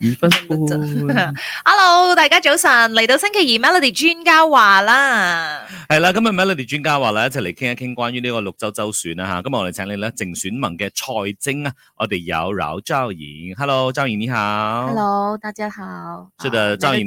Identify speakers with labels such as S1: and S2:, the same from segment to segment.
S1: 五分鐘 Hello，大家早晨，嚟到星期二 Melody 專家話啦。
S2: 係 啦，今日 Melody 專家話呢，一齊嚟傾一傾關於呢個六州州選啦，啊、吓。今日我哋請你咧，選的淨選盟嘅財政啊，我哋有饒兆穎。Hello，兆穎你好。Hello，
S3: 大家好。
S2: 是的，兆穎。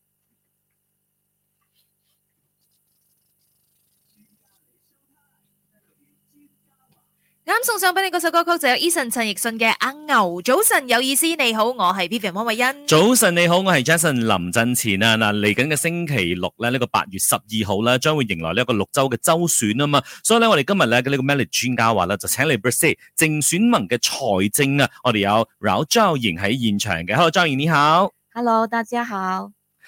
S1: 啱送上俾你嗰首歌曲就有 Eason 陳奕迅嘅《阿牛早晨有意思》。你好，我係 Vivian 汪慧欣。
S2: 早晨你好，我係 Jason 林振前啊！嗱，嚟緊嘅星期六咧，呢、這個八月十二號咧將會迎來呢一個六周嘅周選啊嘛，所以咧我哋今日咧嘅呢個 m a l a g e 專家話啦，就請你 b r e s e n t 選盟嘅財政啊，我哋有 j 饒昭瑩喺現場嘅，Hello，j o 昭瑩你好。
S3: Hello，大家好。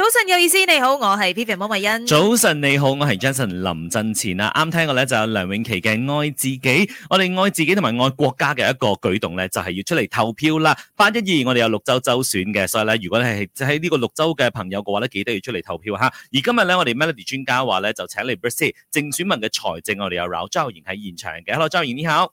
S2: 早
S1: 晨有意思，你好，我是 Peter 莫慧欣。早
S2: 晨你好，我是 Jason 林振前啦，啱聽個咧就有梁詠琪嘅愛自己。我哋愛自己同埋愛國家嘅一個舉動呢就係、是、要出嚟投票啦。八一二我哋有六州州選嘅，所以呢如果你係喺呢個六州嘅朋友嘅話呢記得要出嚟投票吓。而今日咧我哋 Melody 專家話呢就請你 Bersih 淨選盟嘅財政，我哋有饒兆穎喺現場嘅，好，兆穎你好。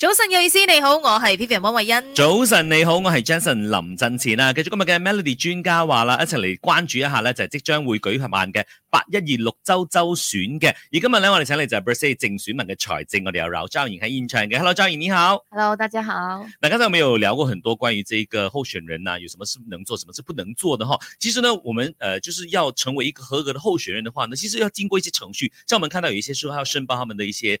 S1: 早晨有意思你好，我是 Pipian 温慧欣。
S2: 早晨你好，我是 Jason 林振前啊。繼續今日嘅 Melody 專家話啦，一齊嚟關注一下咧，就係即將會舉行嘅八一二六州州選嘅。而今日咧，我哋請嚟就係 BERSIH 淨選盟嘅財政，我哋有饒兆穎喺現場嘅。Hello，兆穎你好。
S3: Hello，大家好。
S2: 嗱，剛才我們有聊過很多關於這個候選人啊，有什麼是能做，什麼是不能做的哈。其實呢，我們呃就是要成為一個合格的候選人的話，呢，其實要經過一些程序。像我們看到有一些時候要申報他們的一些。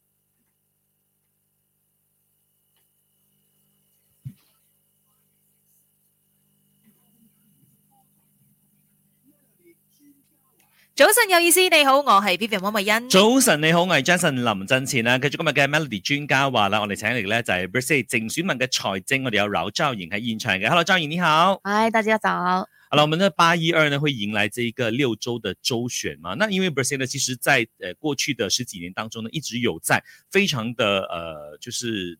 S1: 早晨有意思，你好，我是 Vivian 黃慧欣。
S2: 早晨你好，我是 Jason 林振前啦。繼續今日嘅 Melody 專家話啦，我哋請嚟咧就係 BERSIH 淨選盟嘅財政，我哋有饒兆穎喺現場嘅。Hello，兆穎你好。
S3: Hi，大家早。
S2: Hello，我，我們的八一二呢，呢會迎來這一個六州的州選嘛？那因為 BERSIH、er、呢，其實在誒、呃、過去的十幾年當中呢，一直有在非常的呃就是。